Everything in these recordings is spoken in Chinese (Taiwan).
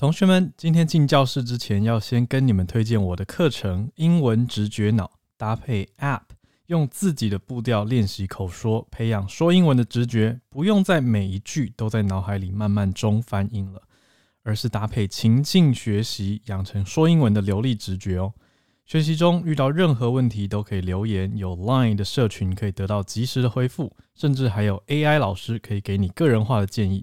同學們，今天進教室之前，要先跟你們推薦我的課程《英文直覺腦》，搭配 App，用自己的步調練習口說，培養說英文的直覺，不用再每一句都在腦海裡慢慢中翻英了，而是搭配情境學習，養成說英文的流利直覺哦。學習中遇到任何問題都可以留言，有 Line 的社群可以得到及時的回復，甚至還有 AI 老師可以給你個人化的建議。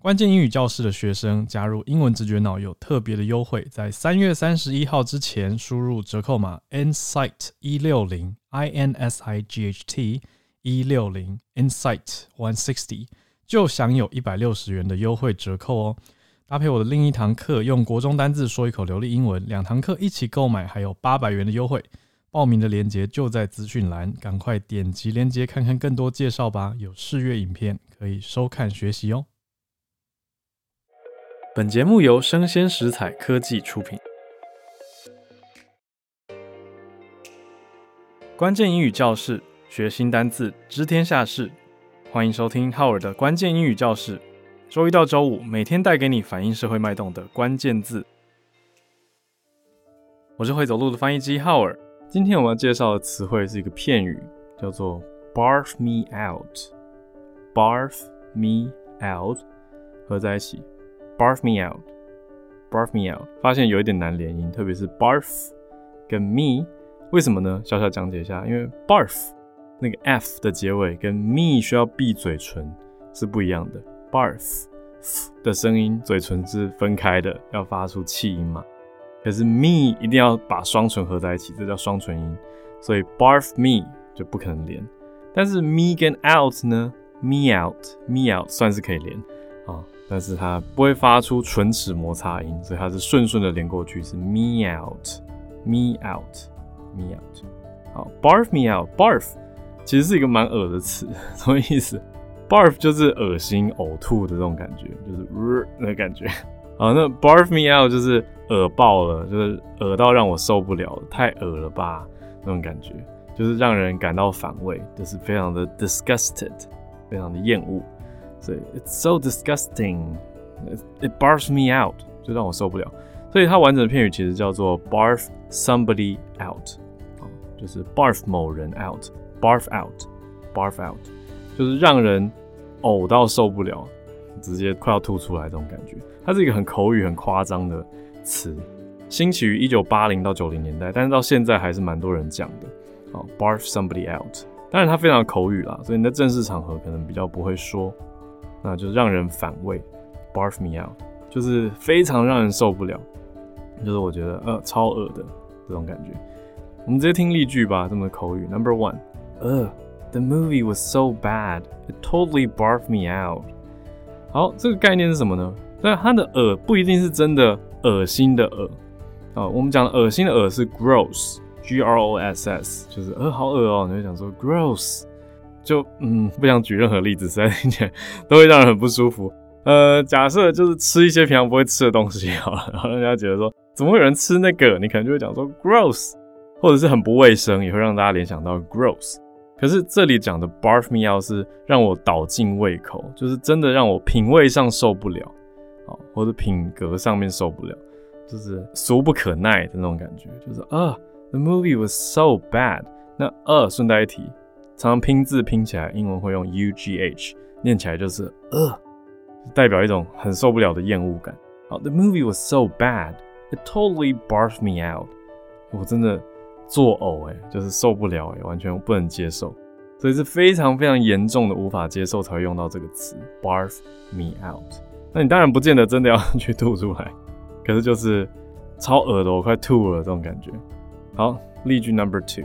關鍵英語教室的學生加入英文直覺腦，有特別的優惠，在三月三十一號之前輸入折扣碼 Insight 一六零 I N S I G H T 一六零 Insight one sixty 就享有一百六十元的優惠折扣哦。搭配我的另一堂課，用國中單字說一口流利英文，兩堂課一起購買還有八百元的優惠。報名的鏈接就在資訊欄，趕快點擊鏈接看看更多介紹吧。有試閱影片可以收看學習哦。本節目由生鮮食材科技出品。關鍵英語教室，學新單詞，知天下事。歡迎收聽浩 d 的關鍵英語教室。周一到周五，每天帶給你反映社會脈動的關鍵字。我是會走路的翻譯機浩爾。今天我們要介紹的詞彙是一個片語，叫做 “barf me out”，“barf me out” 合在一起。Barf me out, barf me out，發現有一點難連音，特別是 barf 跟 me，為什麼呢？小小講解一下，因為 barf 那個 f 的結尾跟 me 需要閉嘴唇是不一樣的。barf, f 的聲音，嘴唇是分開的，要發出氣音嘛。可是 me 一定要把雙唇合在一起，這叫雙唇音，所以 barf me 就不可能連。但是 me 跟 out 呢，me out，me out 算是可以連。但是它不會發出唇齒摩擦音，所以它是順順的連過去，是 me out, me out, me out 好。好，barf me out, barf，其實是一個蠻惡的詞，什麼意思？barf 就是惡心、嘔吐的這種感覺，就是 R、呃、那個感覺。好，那 me barf me out 就是惡爆了，就是惡到讓我受不了了，太惡了吧那種感覺，就是讓人感到反胃，就是非常的 disgusted，非常的厭惡。所以 it's so disgusting, it, it barfs me out，就讓我受不了。所以它完整的片語其實叫做 barf somebody out，就是 barf 某人 out，barf out，barf out，就是讓人嘔到受不了，直接快要吐出來這種感覺。它是一個很口語很、很誇張的詞，興起於一九八零到九零年代，但是到現在還是蠻多人講的。啊 barf somebody out，當然它非常的口語啦，所以你在正式場合可能比較不會說。那就是讓人反胃，barf me out，就是非常讓人受不了，就是我覺得呃超噁的這種感覺。我們直接聽例句吧，這麼的口語。Number one，呃，the movie was so bad，it totally barf me out。好，這個概念是什麼呢？那它的噁、呃、不一定是真的噁心的噁、呃、啊，我們講噁心的噁、呃、是 gross，G R O S S，就是呃好噁哦、喔，你會講說 gross。就嗯，不想舉任何例子，實在一點都會讓人很不舒服。呃，假設就是吃一些平常不會吃的東西好了，然後人家覺得說，怎麼會有人吃那個？你可能就會講說，gross，或者是很不衛生，也會讓大家聯想到 gross。可是這裡講的 barf me out 是讓我倒盡胃口，就是真的讓我品味上受不了，好，或者品格上面受不了，就是俗不可耐的那種感覺，就是啊，oh，the movie was so bad 那。那呃，順帶一提。常常拼字拼起來，英文會用 U G H，念起來就是呃，代表一種很受不了的厭惡感。好、oh,，The movie was so bad, it totally barfed me out。我、哦、真的作嘔哎、欸，就是受不了哎、欸，完全不能接受，所以是非常非常嚴重的無法接受才會用到這個詞 barf me out。那你當然不見得真的要去吐出來，可是就是超噁的，我快吐了這種感覺。好，例句 number two。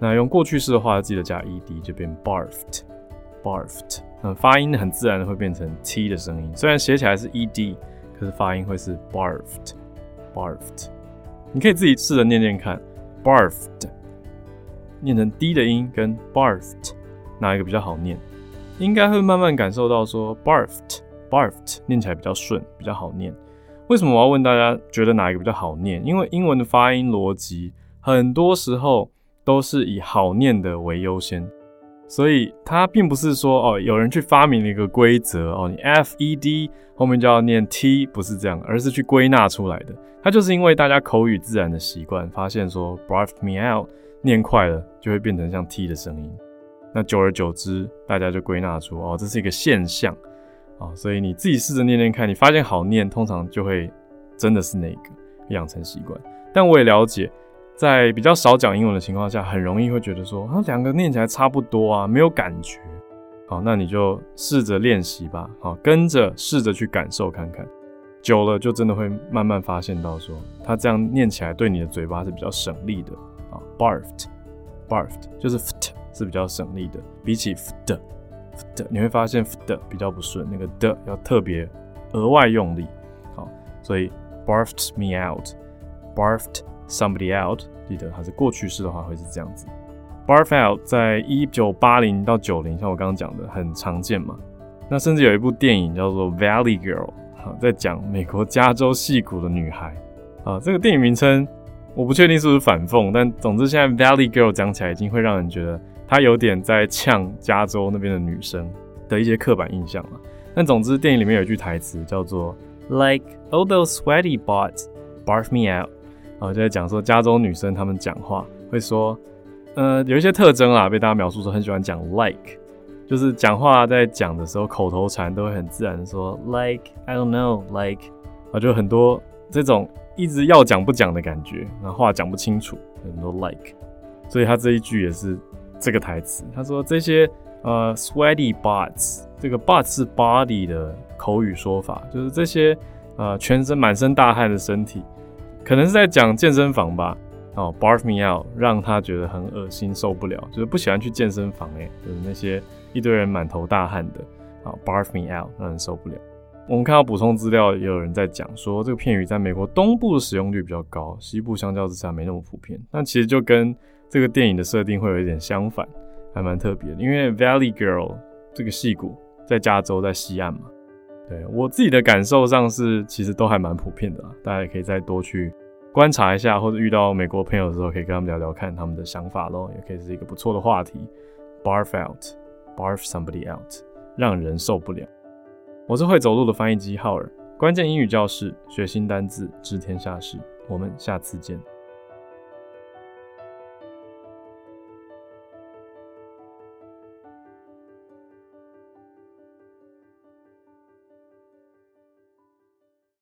那用過去式的話，要記得加 e d，就變 barfed，barfed barfed。嗯，發音很自然的會變成 t 的聲音。雖然寫起來是 e d，可是發音會是 barfed，barfed barfed。你可以自己試着唸唸看，barfed，唸成 d 的音跟 barfed 哪一個比較好唸？應該會慢慢感受到說，barfed，barfed，barfed，唸起來比較順，比較好唸？為什麼我要問大家覺得哪一個比較好唸？因為英文的發音邏輯很多時候，都是以好念的為優先，所以它並不是說哦，有人去發明了一個規則哦，你 FED 後面就要念 T，不是這樣，而是去歸納出來的。它就是因為大家口語自然的習慣，發現說 "barf me out" 念快了就會變成像 T 的聲音，那久而久之，大家就歸納出哦，這是一個現象啊。所以你自己試着念念看，你發現好念，通常就會真的是那個養成習慣。但我也了解。在比較少講英文的情況下，很容易會覺得說啊，兩個念起來差不多啊，沒有感覺。好，那你就試着練習吧，好，跟着試着去感受看看，久了就真的會慢慢發現到說，他這樣念起來對你的嘴巴是比較省力的啊。barfed，barfed barfed，就是 ft 是比較省力的，比起 fd，fd，你會發現 fd 比較不順，那個 d 要特別額外用力。好，所以 barfed me out，barfed。Somebody out，記得它是過去式的話會是這樣子。Barf out，在一九八零到九零，像我剛剛講的很常見嘛。那甚至有一部電影叫做《Valley Girl》，好，在講美國加州西谷的女孩。啊，這個電影名稱我不確定是不是反諷，但總之現在《Valley Girl》講起來已經會讓人覺得她有點在嗆加州那邊的女生的一些刻板印象了。但總之，電影裡面有一句台詞叫做 “Like all those sweaty buts barf me out”。啊，就在講說加州女生她們講話會說，呃，有一些特徵啊，被大家描述說很喜歡講 like，就是講話在講的時候口頭禪都會很自然的說 like，I don't know，like，啊，就很多這種一直要講不講的感覺，然後話講不清楚，很多 like，所以他這一句也是這個台詞，他說這些呃 sweaty buts，這個 buts 是 body 的口語說法，就是這些呃全身滿身大汗的身體。可能是在講健身房吧，哦、oh,，Barf me out，讓他覺得很噁心，受不了，就是不喜歡去健身房，欸，哎，就是那些一堆人滿頭大汗的，啊、oh,，Barf me out，讓人受不了。我們看到補充資料，也有人在講說，這個片語在美國東部的使用率比較高，西部相較之下沒那麼普遍。但其實就跟這個電影的設定會有一點相反，還蠻特別的，因為 Valley Girl 這個矽谷在加州在西岸嘛。對，我自己的感受上是，其實都還蠻普遍的啦。大家也可以再多去觀察一下，或者遇到美國朋友的時候，可以跟他們聊聊看他們的想法咯，也可以是一個不錯的話題。barf out，barf somebody out，讓人受不了。我是會走路的翻譯機浩爾，關鍵英語教室，學新單字，知天下事。我們下次見。